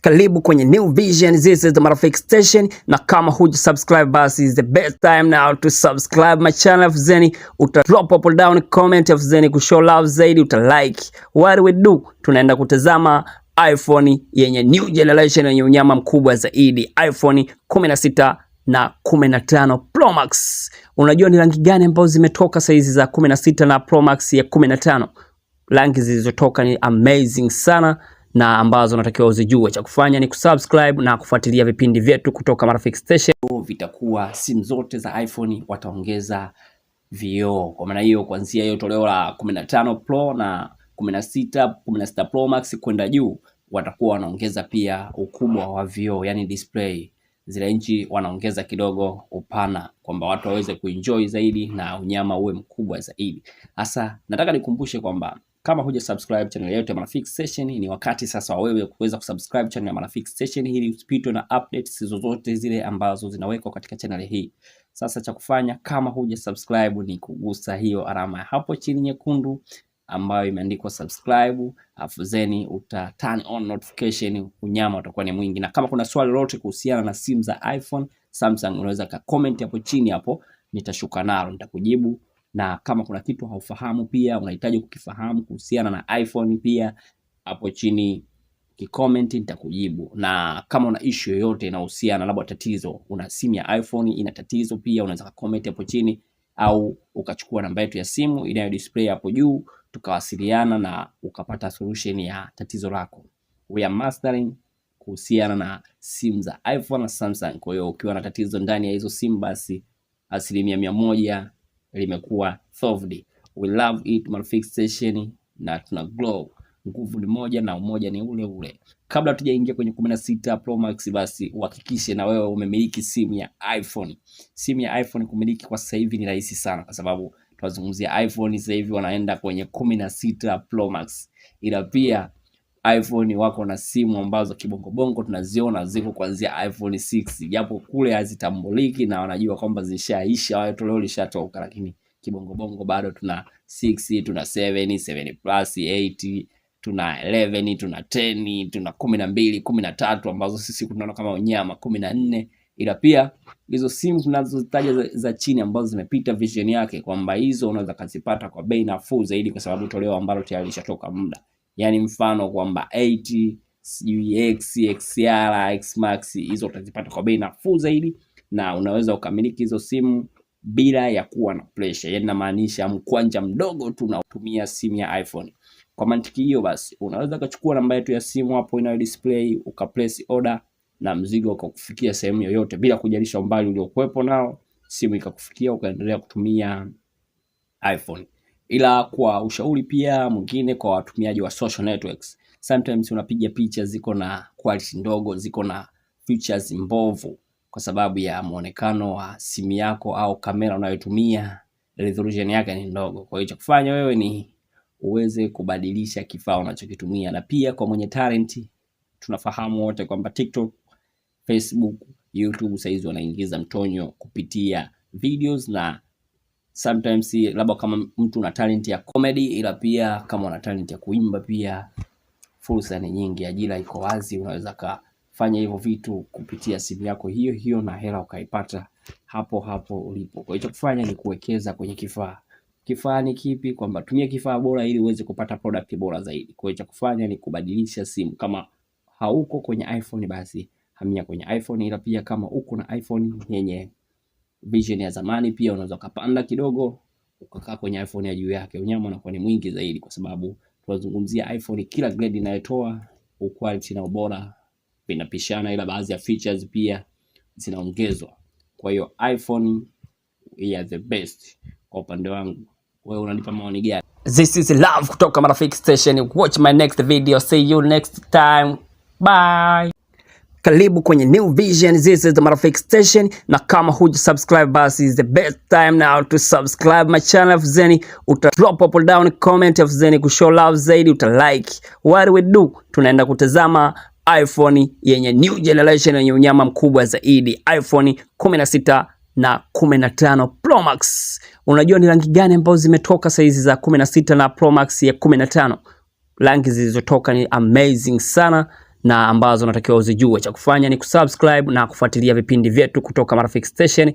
Karibu kwenye New Vision, this is the Marafiki Station, na kama huja subscribe basi is the best time now to subscribe my channel afzeni, uta drop up down comment afzeni, kushow love zaidi uta like. What we do, tunaenda kutazama iPhone yenye new generation yenye unyama mkubwa zaidi, iPhone 16 na 15 Pro Max. Unajua ni rangi gani ambazo zimetoka saizi za 16 na Pro Max ya 15? Rangi zilizotoka ni amazing sana na ambazo unatakiwa uzijue. Cha kufanya ni kusubscribe na kufuatilia vipindi vyetu kutoka Marafiki Station. Vitakuwa simu zote za iPhone wataongeza vioo. Kwa maana hiyo, kuanzia hiyo toleo la 15 Pro na 16, 16 Pro Max kwenda juu watakuwa wanaongeza pia ukubwa wa vioo, yani display zile inchi wanaongeza kidogo upana, kwamba watu waweze kuenjoy zaidi na unyama uwe mkubwa zaidi. Hasa nataka nikumbushe kwamba kama huja subscribe channel yetu ya Marafiki Station, ni wakati sasa wa wewe kuweza kusubscribe channel ya Marafiki Station ili usipitwe na updates zozote zile ambazo zinawekwa katika channel hii. Sasa cha kufanya kama huja subscribe ni kugusa hiyo alama hapo chini nyekundu ambayo imeandikwa subscribe, afu zeni uta turn on notification, unyama utakuwa ni mwingi. Na kama kuna swali lolote kuhusiana na simu za iPhone, Samsung, unaweza ka comment hapo chini hapo, nitashuka nalo nitakujibu na kama kuna kitu haufahamu pia unahitaji kukifahamu kuhusiana na iPhone pia hapo chini kikomenti nitakujibu, na kama una issue yoyote inahusiana labda tatizo, una simu ya iPhone ina tatizo pia, unaweza comment hapo chini au ukachukua namba yetu ya simu inayo display hapo juu, tukawasiliana na ukapata solution ya tatizo lako. We are mastering kuhusiana na simu za iPhone na Samsung. Kwa hiyo ukiwa na tatizo ndani ya hizo simu, basi asilimia mia moja limekuwa solved. We love it Marafiki Station na tuna glow nguvu ni moja na umoja ni ule ule. Kabla tujaingia kwenye kumi na sita Pro Max, basi uhakikishe na wewe umemiliki simu ya iPhone. Simu ya iPhone kumiliki kwa sasa hivi ni rahisi sana, kwa sababu tunazungumzia iPhone sasa hivi wanaenda kwenye kumi na Pro Max, ila pia iPhone wako na simu ambazo kibongobongo tunaziona ziko kuanzia iPhone 6 japo kule hazitambuliki na wanajua kwamba zishaisha, wao toleo lishatoka, lakini kibongobongo bado tuna 6, tuna 7, 7 plus, 8, tuna 11, tuna 10, tuna 12, 13 ambazo sisi tunaona kama unyama, 14, ila pia hizo simu tunazozitaja za, za chini ambazo zimepita vision yake kwamba hizo unaweza kazipata kwa bei nafuu zaidi, kwa sababu toleo ambalo tayari lishatoka muda yani mfano kwamba 80 sijui x xr max hizo utazipata kwa bei nafuu zaidi, na unaweza ukamiliki hizo simu bila ya kuwa na pressure, yani namaanisha mkwanja mdogo tu unatumia simu ya iPhone. Kwa mantiki hiyo basi, unaweza ukachukua namba yetu ya simu hapo inayo display ukaplace order na mzigo ukakufikia sehemu yoyote bila kujalisha umbali uliokuwepo nao, simu ikakufikia ukaendelea kutumia iPhone ila kwa ushauri pia mwingine kwa watumiaji wa social networks, sometimes unapiga picha ziko na quality ndogo, ziko na features mbovu kwa sababu ya muonekano wa simu yako au kamera unayotumia resolution yake ni ndogo. Kwa hiyo cha kufanya wewe ni uweze kubadilisha kifaa unachokitumia, na pia kwa mwenye talent, tunafahamu wote kwamba TikTok, Facebook, YouTube saizi wanaingiza mtonyo kupitia videos na sometimes labda kama mtu una talent ya comedy, ila pia kama una talent ya kuimba pia fursa ni nyingi, ajira iko wazi, unaweza kafanya hivyo vitu kupitia simu yako hiyo hiyo na hela ukaipata hapo hapo ulipo. Kwa hiyo kufanya ni kuwekeza kwenye kifaa. Kifaa ni kipi? Kwamba tumia kifaa bora ili uweze kupata product bora zaidi. Kwa hiyo kufanya ni kubadilisha simu. Kama hauko kwenye iPhone basi hamia kwenye iPhone, ila pia kama uko na iPhone yenye vision ya zamani pia unaweza ukapanda kidogo ukakaa kwenye iPhone ya juu yake, unyama unakuwa ni mwingi zaidi, kwa sababu tunazungumzia iPhone, kila grade inayotoa quality na ubora vinapishana, ila baadhi ya features pia zinaongezwa. Kwa hiyo iPhone ya the best kwa upande wangu. Wewe unanipa maoni gani? This is love kutoka Marafiki Station. Watch my next video. See you next time. Bye. Karibu kwenye New Vision, this is the Marafiki Station, na kama huja subscribe basi is the best time now to subscribe my channel afzeni, uta drop up or down comment afzeni, kushow love zaidi uta like. What we do, tunaenda kutazama iPhone yenye new generation yenye unyama mkubwa zaidi, iPhone 16 na 15 Pro Max. Unajua ni rangi gani ambazo zimetoka saizi za 16 na Pro Max ya 15? Rangi zilizotoka ni amazing sana na ambazo unatakiwa uzijue. Cha kufanya ni kusubscribe na kufuatilia vipindi vyetu kutoka Marafiki Station.